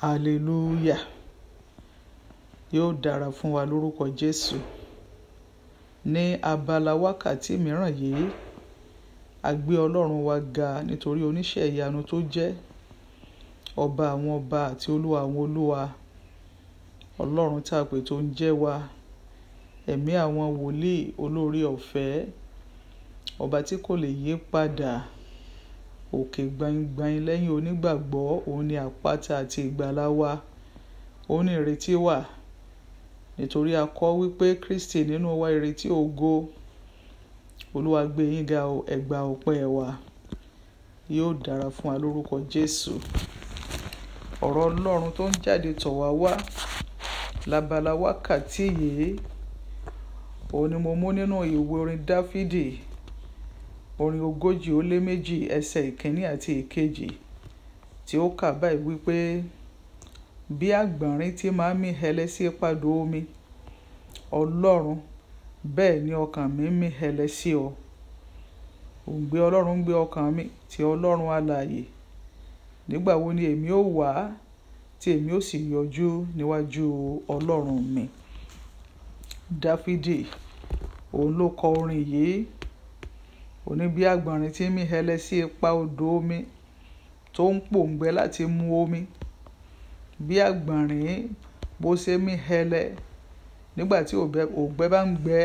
hallelujah yóò dára fún wa lórúkọ jésù ní abala wákàtí mìíràn yìí a gbé ọlọ́run wa ga nítorí oníṣẹ́ ìyanu tó jẹ́ ọba àwọn ọba àti olúwa àwọn olúwa ọlọ́run tá a pè tó ń jẹ́ wa ẹ̀mí àwọn wòlíì olórí ọ̀fẹ́ ọba tí kò lè yí padà òkè gbaingbain lẹ́yìn onígbàgbọ́ òun ni àpáta àti ìgbàlà wa òun ni ìrètí wa nítorí a kọ wípé kristi nínú wa ìrètí ògo olúwa gbé yín ga ẹgbà ọpẹ́ wa yóò dára fún wa lórúkọ jésù ọ̀rọ̀ ọlọ́run tó ń jáde tọ̀ wá wá labala wákàtí òun ni mo mú nínú ìwé orin dáfídì orin ogójì ó lé méjì ẹsẹ̀ ìkíní àti ìkejì tí ó kà báyìí wípé bí àgbọ̀nrín tí máa ń mí hẹlẹ sí ìpàdé omi ọlọ́run bẹ́ẹ̀ ni ọkàn mi ń mí hẹlẹ sí ọ òǹgbẹ ọlọ́run ń gbé ọkàn mi ti ọlọ́run alààyè nígbà wo ni èmi ó wà tí èmi ó sì yọjú níwájú ọlọ́run mi dáfídì òun ló kọ orin yìí òní bí àgbọ̀nrín tí mí hẹlẹ sí ipa odò omi tó ń pòǹgbẹ láti mu omi bí àgbọ̀nrín bó ṣe mí hẹlẹ nígbà tí òǹgbẹ bá ń gbẹ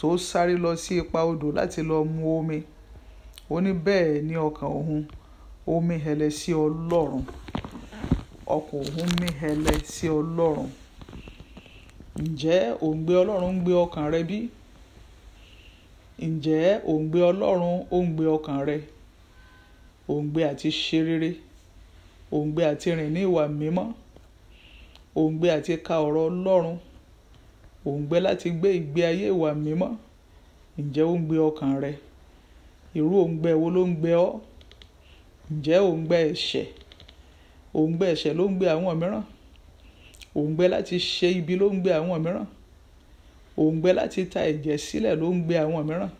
tó sáré lọ sí ipa odò láti lọ mu omi ó bẹ́ẹ̀ ni ọkàn òun ó hẹlẹ sí ọlọ́run ọkàn òun mí hẹlẹ sí ọlọ́run ǹjẹ́ òǹgbẹ ọlọ́run ń gbé ọkàn rẹ bí? ǹjẹ́ òǹgbẹ ọlọ́run òǹgbẹ ọkàn rẹ òǹgbẹ àti ṣe rere òǹgbẹ àti rìn ní ìwà mímọ́ òǹgbẹ àti ka ọ̀rọ̀ ọlọ́run òǹgbẹ láti gbé ìgbé ayé ìwà mímọ́ ǹjẹ́ òǹgbẹ ọkàn rẹ irú òǹgbẹ wo ló ń gbẹ ọ́ ǹjẹ́ òǹgbẹ ẹ̀ṣẹ̀ òǹgbẹ ẹ̀ṣẹ̀ ló ń gbé àwọn mìíràn òǹgbẹ láti ṣe ibi ló ń gbé àwọn mìíràn òǹgbẹ láti ta ẹ̀jẹ̀ sílẹ̀ ló ń gbé àwọn mìíràn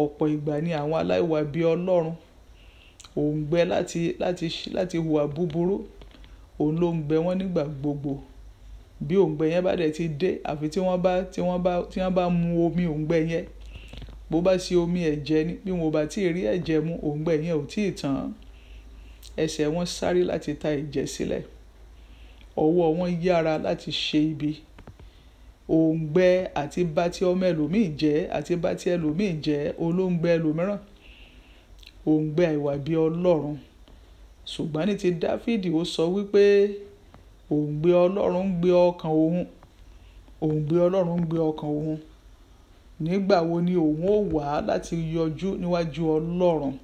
ọ̀pọ̀ ìgbà ni àwọn aláìwà bí ọlọ́run òǹgbẹ láti láti láti hùwà búburú òun ló ń gbẹ wọ́n nígbà gbogbo bí òǹgbẹ yẹn bá dẹ̀ ti dé àfi tí wọ́n bá tí wọ́n bá tí wọ́n bá mu omi òǹgbẹ yẹn bó bá ṣe omi ẹ̀jẹ̀ ni bí wọn ò bá tí ì rí ẹ̀jẹ̀ mu òǹgbẹ yẹn ò tí ì tán ẹsẹ̀ wọn sáré láti ta ẹ̀jẹ̀ sílẹ̀ ọwọ́ wọn yára láti ṣe ibi òǹgbẹ àti bá ti ọmọ ẹlòmíì jẹ́ àti bá ti ẹlòmíì jẹ́ olóńgbẹ ẹlòmíràn òǹgbẹ ìwà bí ọlọ́run ṣùgbọ́n ní ti dáfídì ó sọ wípé òǹgbẹ ọlọ́run ń gbé ọkàn òun òǹgbẹ ọlọ́run ń gbé ọkàn òun nígbà wo ni òun ó wá láti yọjú níwájú ọlọ́run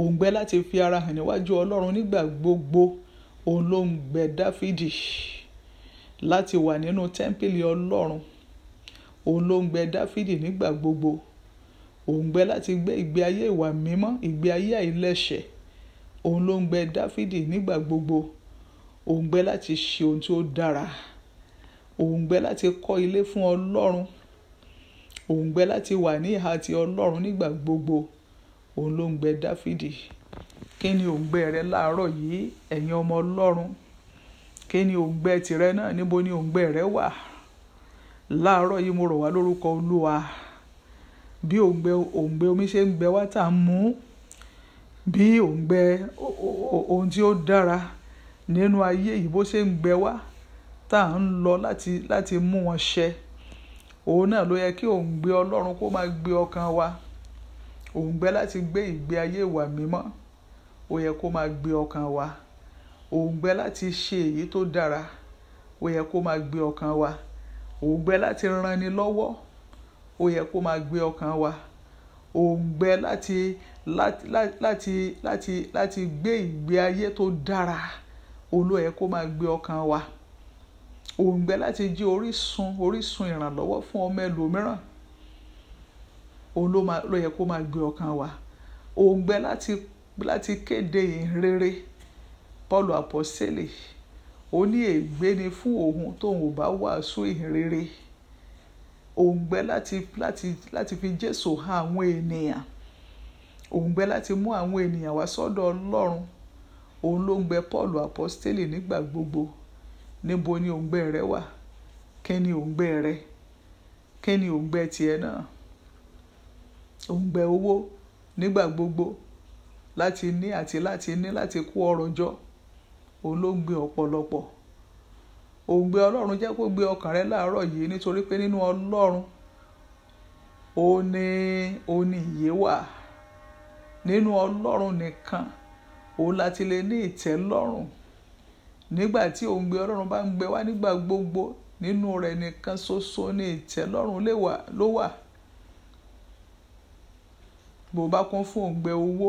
òǹgbẹ láti fi ara hàn níwájú ọlọ́run nígbà gbogbo òun dáfídì láti wà nínú tẹ́ḿpìlì ọlọ́run òun ló ń gbẹ dáfídì nígbà gbogbo òun gbẹ láti gbé ìgbé ayé ìwà mímọ́ ìgbé ayé àìlẹ́ṣẹ̀ òun ló ń gbẹ dáfídì nígbà gbogbo òun gbẹ láti ṣe ohun tí ó dára òun gbẹ láti kọ́ ilé fún ọlọ́run òun gbẹ láti wà ní ìhà ti ọlọ́run nígbà gbogbo òun ló ń gbẹ dáfídì kí ni òun gbẹ rẹ láàárọ̀ yìí ẹ̀yin ọmọ ọlọ́run kí ni òǹgbẹ tìrẹ náà níbo ni òǹgbẹ rẹ wà láàárọ̀ yìí mo rọ̀ wá lórúkọ olúwa bí òǹgbẹ òǹgbẹ omi ṣe ń gbẹ wá tà ń mú bí òǹgbẹ ohun tí ó dára nínú ayé yìí bó ṣe ń gbẹ wá tá à ń lọ láti láti mú wọn ṣẹ òun náà ló yẹ kí òǹgbẹ ọlọ́run kó máa gbé ọkàn wa òǹgbẹ láti gbé ìgbé ayé ìwà mímọ́ ó yẹ kó máa gbé ọkàn wa òùngbẹ láti ṣe èyí tó dára ó yẹ kó máa gbé ọkàn wa òùngbẹ láti ranni lọ́wọ́ ó yẹ kó máa gbé ọkàn wa òùngbẹ láti láti láti láti láti gbé ìgbé ayé tó dára olú yẹ kó máa gbé ọkàn wa òùngbẹ láti jẹ́ orísun orísun ìrànlọ́wọ́ fún ọmọ ẹlòmíràn òun ló kó máa gbé ọkàn wa òùngbẹ láti láti kéde ìhìn Paul àpọ́sẹ̀lẹ̀ ó ní ègbé ni fún òun tóun ò bá wàásù ìhìnrere òǹgbẹ láti láti láti fi Jésù hàn àwọn ènìyàn òǹgbẹ láti mú àwọn ènìyàn wá sọ́dọ̀ Ọlọ́run òun ló ń gbẹ Paul àpọ́sẹ̀lẹ̀ nígbà gbogbo níbo ni òǹgbẹ rẹ wà kí ni òǹgbẹ rẹ kí ni òǹgbẹ tiẹ̀ náà òǹgbẹ owó nígbà gbogbo láti ní àti láti ní láti kó ọrọ̀ jọ òun ló gbé ọ̀pọ̀lọpọ̀ òun gbé ọlọ́run jẹ́ kó gbé ọkàn rẹ láàárọ̀ yìí nítorí pé nínú ọlọ́run ó ní ó ní ìyè wà nínú ọlọ́run nìkan òun láti lè ní ìtẹ́lọ́rùn nígbà tí òun gbé ọlọ́run bá ń gbé wá nígbà gbogbo nínú rẹ̀ nìkan ṣoṣo ní ìtẹ́lọ́rùn ló wà bó bá kún fún òǹgbẹ owó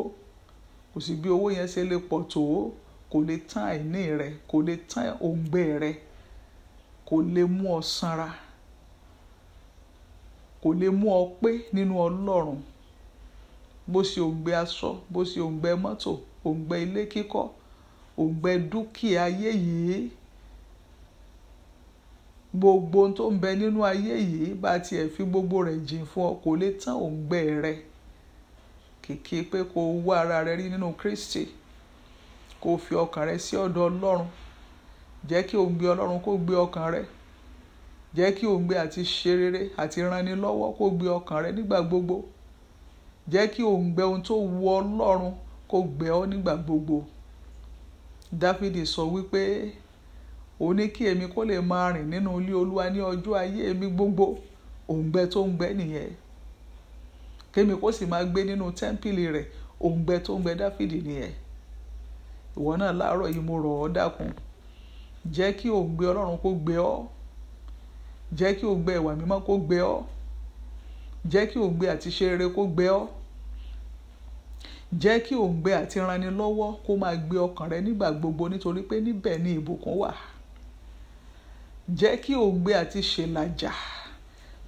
kò sì bí owó yẹn ṣe lè pọ̀ tó kò lè tán àìní rẹ kò lè tán òǹgbẹ rẹ kò lè mú ọ sanra kò lè mú ọ pé nínú ọlọ́run bó ṣe òǹgbẹ aṣọ bó ṣe òǹgbẹ mọ́tò òǹgbẹ ilé kíkọ́ òǹgbẹ dúkìá ayé yìí gbogbo tó ń bẹ nínú ayé yìí bá tiẹ̀ fi gbogbo rẹ̀ jìn fún ọ kò lè tán òǹgbẹ rẹ kìkì pé kó wá ara rẹ rí nínú Kristi. No kó fi ọkàn rẹ sí ọ̀dọ̀ ọlọ́run jẹ́ kí òǹgbẹ ọlọ́run kó gbé ọkàn rẹ jẹ́ kí òǹgbẹ àti ṣe rere àti ranni lọ́wọ́ kó gbé ọkàn rẹ nígbà gbogbo jẹ́ kí òǹgbẹ ohun tó wu ọlọ́run kó gbẹ ọ́ nígbà gbogbo dáfídì sọ wípé ó ní kí èmi kó lè máa rìn nínú ilé olúwa ní ọjọ́ ayé mi gbogbo òǹgbẹ tó ń gbẹ nìyẹn kémi kó sì máa gbé nínú tẹ́ḿpìlì rẹ̀ òǹgbẹ tó ń gbẹ dáfídì nìyẹn ìwọ náà láàárọ̀ yìí mo rọ̀ ọ́ dákun jẹ́ kí òǹgbẹ ọlọ́run kó gbé ọ́ jẹ́ kí òǹgbẹ ìwà mímọ́ kó gbé ọ́ jẹ́ kí òǹgbẹ àti ṣe rere kó gbé ọ́ jẹ́ kí òǹgbẹ àti ranilọ́wọ́ kó máa gbé ọkàn rẹ nígbà gbogbo nítorí pé níbẹ̀ ni ìbùkún wà jẹ́ kí òǹgbẹ àti ṣèlàjà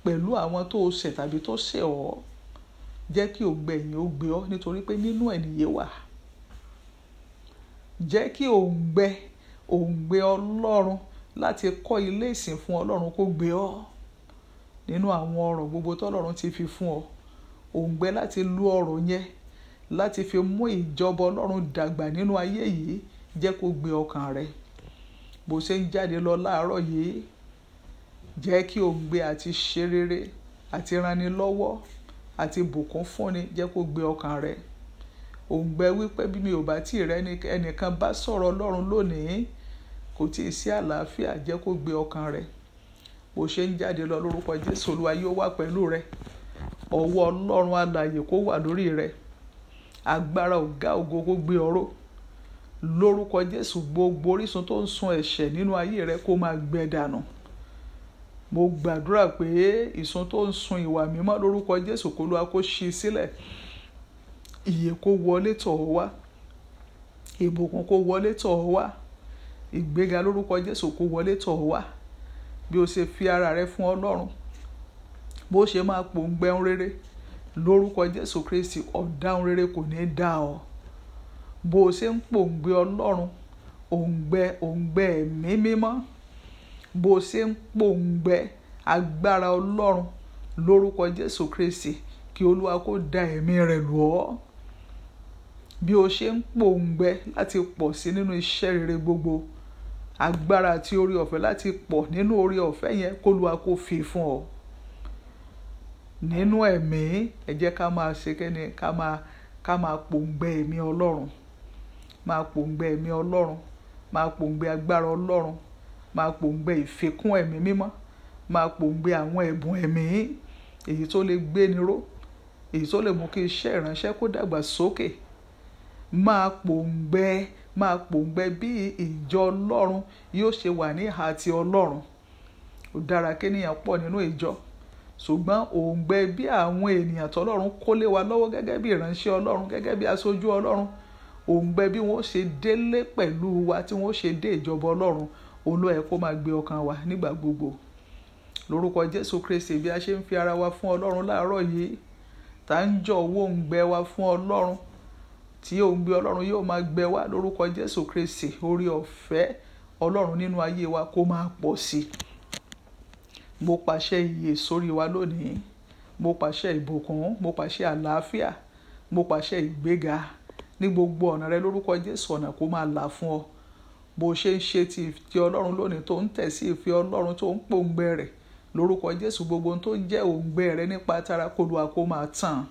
pẹ̀lú àwọn tó ṣẹ̀ tàbí tó ṣẹ̀ ọ́ jẹ́ kí òǹgbẹ yìí ó gbé ọ́ nítorí pé nínú ẹ̀ nìyé wà jẹ́ kí òǹgbẹ òǹgbẹ ọlọ́run láti kọ́ ilé ìsìn fún ọlọ́run kó gbé ọ nínú àwọn ọ̀rọ̀ gbogbo tọ́lọ́run ti fi fún ọ òǹgbẹ láti lu ọ̀rọ̀ yẹn láti fi mú ìjọba ọlọ́run dàgbà nínú ayé yìí jẹ́ kó gbé ọkàn rẹ bó ṣe ń jáde lọ láàárọ̀ yìí jẹ́ kí òǹgbẹ àti ṣe àti ranilọ́wọ́ àti bùkún fúnni jẹ́ kó gbé ọkàn rẹ òǹgbẹ wípé bí mi ò bá tí ì rẹ ẹnìkan bá sọ̀rọ̀ ọlọ́run lónìí kò tí ì sí àlàáfíà jẹ́ kó gbé ọkàn rẹ bó ṣe ń jáde lọ lórúkọ jésù olúwa yóò wà pẹ̀lú rẹ ọwọ́ ọlọ́run alààyè kó wà lórí rẹ agbára ọ̀gá ògo kó gbé ọ̀rọ̀ lórúkọ jésù gbogbo orísun tó ń sun ẹ̀ṣẹ̀ nínú ayé rẹ kó máa gbẹ dànù mo gbàdúrà pé ìsun tó ń sun ìwà mímọ́ lórúkọ jésù kó lóa kó ṣí sílẹ̀ iye kó wọlé tọ̀ ọ́ wá ìbùkún kó wọlé tọ̀ ọ́ wá ìgbéga lórúkọ Jésù kó wọlé tọ̀ ọ́ wá bí o ṣe fi ara rẹ fún Ọlọ́run bó ṣe máa pòǹgbẹ ohun rere lórúkọ Jésù Kristi ọ̀dá ohun rere kò ní dá ọ bó o ṣe ń pòǹgbẹ Ọlọ́run òǹgbẹ òǹgbẹ ẹ̀mí mímọ́ bó o ṣe ń pòǹgbẹ agbára Ọlọ́run lórúkọ Jésù Kristi kí Olúwa kó da ẹ̀mí rẹ̀ lù ọ́ bí o ṣe ń pòǹgbẹ láti pọ̀ sí nínú iṣẹ́ rere gbogbo agbára àti orí ọ̀fẹ́ láti pọ̀ nínú orí ọ̀fẹ́ yẹn kólúwa kó fi fún ọ nínú ẹ̀mí ẹ jẹ́ ká máa ṣe kẹ́ni ká máa ká máa pòǹgbẹ ẹ̀mí ọlọ́run máa pòǹgbẹ ẹ̀mí ọlọ́run máa pòǹgbẹ agbára ọlọ́run máa pòǹgbẹ ìfikún ẹ̀mí mímọ́ máa pòǹgbẹ àwọn ẹ̀bùn ẹ̀mí èyí tó lè gbéni ró èyí tó lè mú kí iṣẹ́ ìránṣẹ́ kó dàgbà sókè máa pòǹgbẹ máa pòǹgbẹ bí ìjọ ọlọ́run yóò ṣe wà ní ìhà ti ọlọ́run ó dára kéèyàn pọ̀ nínú ìjọ ṣùgbọ́n òǹgbẹ bí àwọn ènìyàn tọ́lọ́run kó lé wa lọ́wọ́ gẹ́gẹ́ bí ìránṣẹ́ ọlọ́run gẹ́gẹ́ bí aṣojú ọlọ́run òǹgbẹ bí wọ́n ṣe délé pẹ̀lú wa tí wọ́n ṣe dé ìjọba ọlọ́run olú ẹ̀ kó máa gbé ọkàn wa nígbà gbogbo lórúkọ jésù kristi bí a ṣe ń fi ara wa fún ọlọ́run láàárọ̀ yìí tá ń jọ̀wọ́ òǹgbẹ wa fún ọlọ́run tí òun gbé ọlọ́run yóò máa gbẹ wá lórúkọ jésù kristi orí ọ̀fẹ́ ọlọ́run nínú ayé wa kó máa pọ̀ sí i mo pàṣẹ ìyè sórí wa lónìí mo pàṣẹ ìbùkún mo pàṣẹ àlàáfíà mo pàṣẹ ìgbéga ní gbogbo ọ̀nà rẹ lórúkọ jésù ọ̀nà kó máa là fún ọ bó ṣe ń ṣe ti ìfẹ́ ọlọ́run lónìí tó ń tẹ̀ sí ìfẹ́ ọlọ́run tó ń pòǹgbẹ rẹ̀ lórúkọ jésù gbogbo tó ń jẹ́ òǹgbẹ rẹ nípa tara kó lu àkó máa tàn án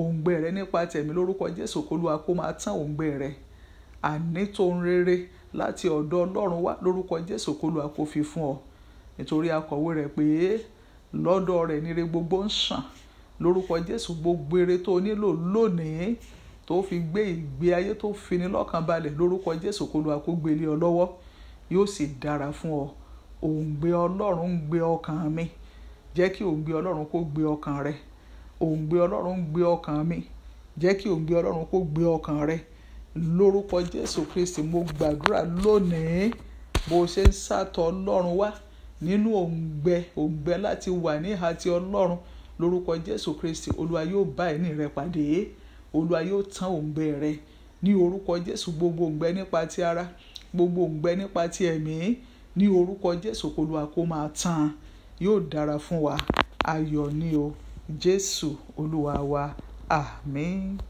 òǹgbẹ rẹ nípa tẹ̀mí lórúkọ jésù kólúwa kó máa tán òǹgbẹ rẹ àní tó ń rere láti ọ̀dọ̀ ọlọ́run wá lórúkọ jésù kólúwa kó fi fún ọ nítorí akọ̀wé rẹ̀ pé lọ́dọ̀ rẹ̀ nire gbogbo ń sàn lórúkọ jésù gbogbo ire tó nílò lónìí tó fi gbé ìgbé ayé tó fini lọ́kàn balẹ̀ lórúkọ jésù kólúwa kó gbélé ọ lọ́wọ́ yóò sì dára fún ọ òǹgbẹ ọlọ́run ń gbé ọkàn mi jẹ́ kí òǹgbẹ ọlọ́run kó gbé ọkàn rẹ̀ òǹgbẹ ọlọ́run gbé ọkàn mi jẹ́ kí òǹgbẹ ọlọ́run kó gbé ọkàn rẹ lórúkọ jésù kristi mo gbàdúrà lónìí bó ṣe ń sàtọ̀ ọlọ́run wá nínú òǹgbẹ òǹgbẹ láti wà ní ìhà ti ọlọ́run lórúkọ jésù kristi olúwa yóò bá ẹni rẹ pàdé olúwa yóò tán òǹgbẹ rẹ ní orúkọ jésù gbogbo òǹgbẹ nípa ti ara gbogbo òǹgbẹ nípa ti ẹ̀mí ní orúkọ jésù k'Olúwa kó máa tán yóò dára fún wa ayọ̀ ni o. Jesus, o Luauá. Amém.